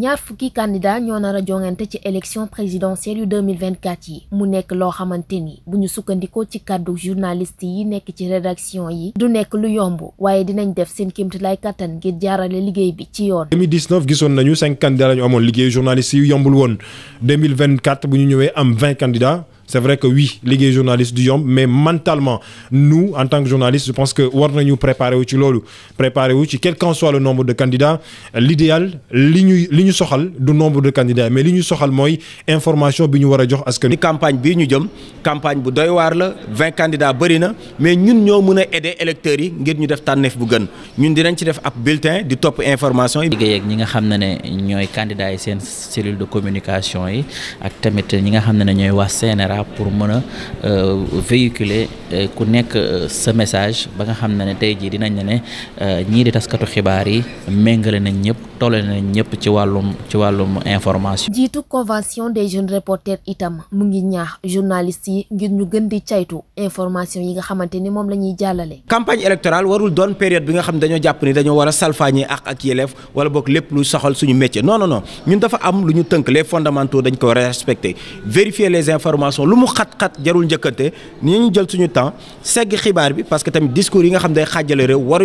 ñaar fukki candidat ñoo nar a jongante ci élection présidentielle yu 2024 yi mu nekk loo xamante ni bu ñu sukkandikoo ci kàddu journaliste yi nekk ci rédaction yi du nekk lu yomb waaye dinañ def seen kéemtulaay kattan ngir jaarale liggéey bi ci yoon 2019 gisoon nañu cinq candidats la ñu amoon liggéey journaliste yi yombul woon 2024 bu ñu ñëwee am 20 candidats c'est vrai que oui liggéey journaliste du yomb mais mentalement nous en tant que journaliste je pense que war nañu préparer wu ci loolu préparer wu ci quel qu'en soit le nombre de candidats l'idéal li ñuy li ñu soxal du nombre de candidats mais li ñu soxal mooy information bi ñu war a jox askan ni campagne bii ñu jëm campagne bu doy waar la vingt candidats na mais ñun ñoo mën a aider électeurs yi ngir ñu def tànneef bu gën ñun dinañ ci def ab bulletin di topp information yi. liggéey ñi nga xam ne ne ñooy candidats yi seen de communication yi ak tamit ñi nga xam ne ne ñooy waa CNRA là pour mën a euh, véhiculer euh, ku nekk euh, sa message ba nga xam ne ne tey jii dinañ ne ne ñii di taskatu xibaar yi méngale nañ ñëpp tolle na ñëpp ci wàllum information. jiitu convention des jeunes reporters itam mu ngi ñaax journalistes yi ngir ñu gën di caytu information yi nga xamante ni moom la ñuy jàllale. campagne électorale warul doon période bi nga xam ne dañoo jàpp ni dañoo war a salfaañee ak ak yéleef wala lépp lu soxal suñu métier non non non ñun dafa am lu ñu tënk les fondamentaux dañ ko war a respecter vérifier les informations lu mu xat-xat jarul njëkkante ni ñu jël suñu temps bi parce que tamit discours yi nga xam day xaajale réew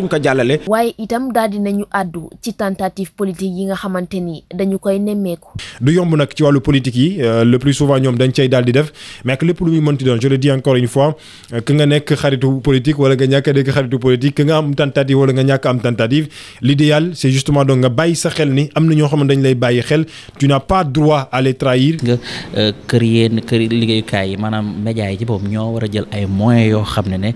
politique yi nga xamante ni dañu koy nemmeeku. du yomb nag ci wàllu politique yi euh, le plus souvent ñoom dañ cay daal di def mais ak lépp lu muy mënti doon je le dis encore une fois euh, que nga nekk xaritu politique wala nga ñàkk a nekk xaritu politique que nga am tentative wala nga ñàkk am tentative l'idéal c'est justement donc nga bàyyi sa xel ni am na ñoo xam dañ lay bàyyi xel tu n'as pas droit à les trahir. nga euh, kër yéen kër liggéeyukaay yi maanaam média yi ci ñoo war a jël ay moyens yoo xam ne ne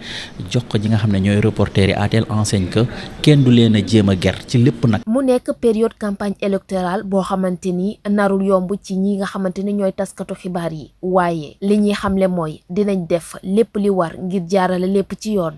jox ko ñi nga xam ne ñooy reporter yi à telle enseigne kenn du leen a jéem a ger ci lépp nag. période campagne électorale boo xamante ni narul yomb ci ñi nga xamante ni ñooy taskatu xibaar yi waaye li ñuy xamle mooy dinañ def lépp li war ngir jaarale lépp ci yoon